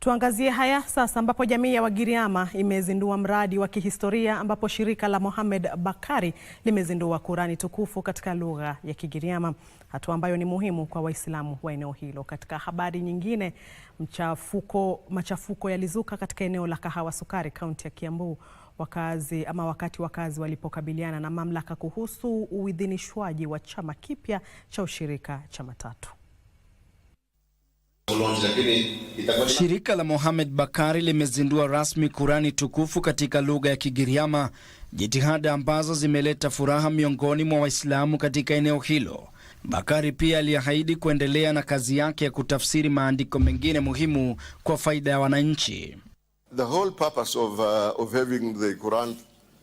Tuangazie haya sasa ambapo jamii ya Wagiriama imezindua mradi wa kihistoria ambapo shirika la Mohamed Bakari limezindua Qur'ani tukufu katika lugha ya Kigiriama, hatua ambayo ni muhimu kwa Waislamu wa eneo hilo. Katika habari nyingine, mchafuko, machafuko yalizuka katika eneo la Kahawa Sukari, kaunti ya Kiambu wakazi ama wakati wakazi walipokabiliana na mamlaka kuhusu uidhinishwaji wa chama kipya cha ushirika cha matatu. Shirika la Mohamed Bakari limezindua rasmi Kurani tukufu katika lugha ya Kigiriama, jitihada ambazo zimeleta furaha miongoni mwa Waislamu katika eneo hilo. Bakari pia aliahidi kuendelea na kazi yake ya kutafsiri maandiko mengine muhimu kwa faida ya wananchi. The whole purpose of, uh, of having the Quran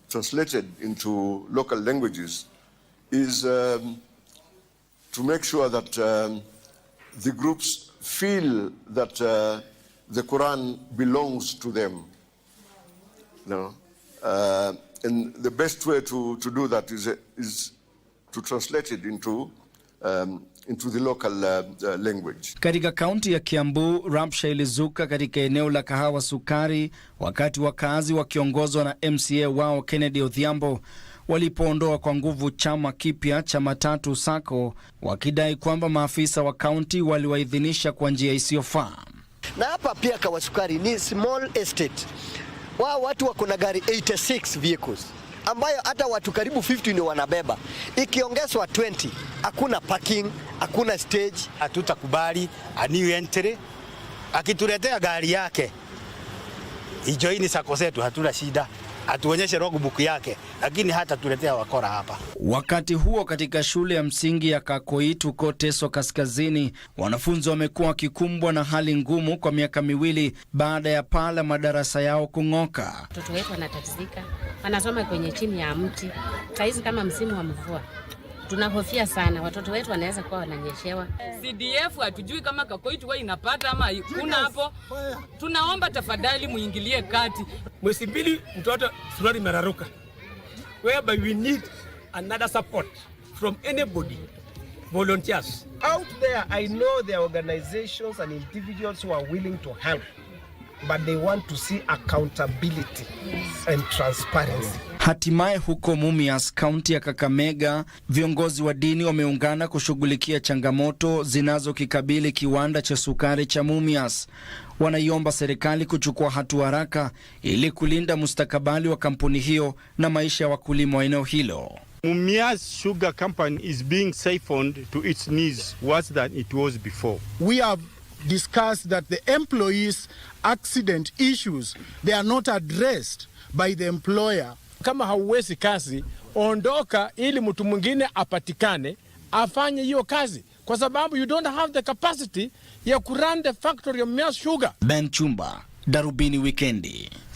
translated into local languages is um, to make sure that um, the groups feel that uh, the Quran belongs to them. No? Uh, and the best way to, to do that is, uh, is to translate it into um, into the local, uh, uh, language. Katika kaunti ya Kiambu, rabsha ilizuka katika eneo la Kahawa Sukari wakati wakazi wakiongozwa na MCA wao Kennedy Odhiambo walipoondoa kwa nguvu chama kipya cha Matatu Sacco wakidai kwamba maafisa wa kaunti waliwaidhinisha kwa njia isiyofaa. Na hapa pia Kawasukari ni small estate, Wa watu wako na gari 86 vehicles ambayo hata watu karibu 50 ndio wanabeba, ikiongezwa 20, hakuna parking, hakuna stage. Hatutakubali a new entry akituletea gari yake ijoini sako zetu, hatuna shida, atuonyeshe logbook yake, lakini hata tuletea wakora hapa. Wakati huo katika shule ya msingi ya Kakoit huko Teso Kaskazini, wanafunzi wamekuwa wakikumbwa na hali ngumu kwa miaka miwili baada ya paa la madarasa yao kung'oka. Watoto wetu wanatatizika, wanasoma kwenye chini ya mti. Saizi kama msimu wa mvua tunahofia sana watoto wetu wanaweza kuwa wananyeshewa. CDF hatujui kama Kakoit inapata ama kuna hapo, tunaomba tafadhali muingilie kati. Mwezi mbili mtoto suruali mararuka, whereby we need another support from anybody volunteers out there. I know there are organizations and individuals who are willing to help but they want to see accountability and transparency. Hatimaye huko Mumias, kaunti ya Kakamega, viongozi wa dini wameungana kushughulikia changamoto zinazokikabili kiwanda cha sukari cha Mumias. Wanaiomba serikali kuchukua hatua haraka ili kulinda mustakabali wa kampuni hiyo na maisha ya wakulima wa eneo hilo. Mumias Sugar Company is being siphoned to its knees worse than it was before. We have discussed that the employees accident issues they are not addressed by the employer kama hauwezi kazi, ondoka ili mtu mwingine apatikane afanye hiyo kazi, kwa sababu you don't have the capacity ya kurun the factory of Mia Sugar. Ben Chumba, Darubini Wikendi.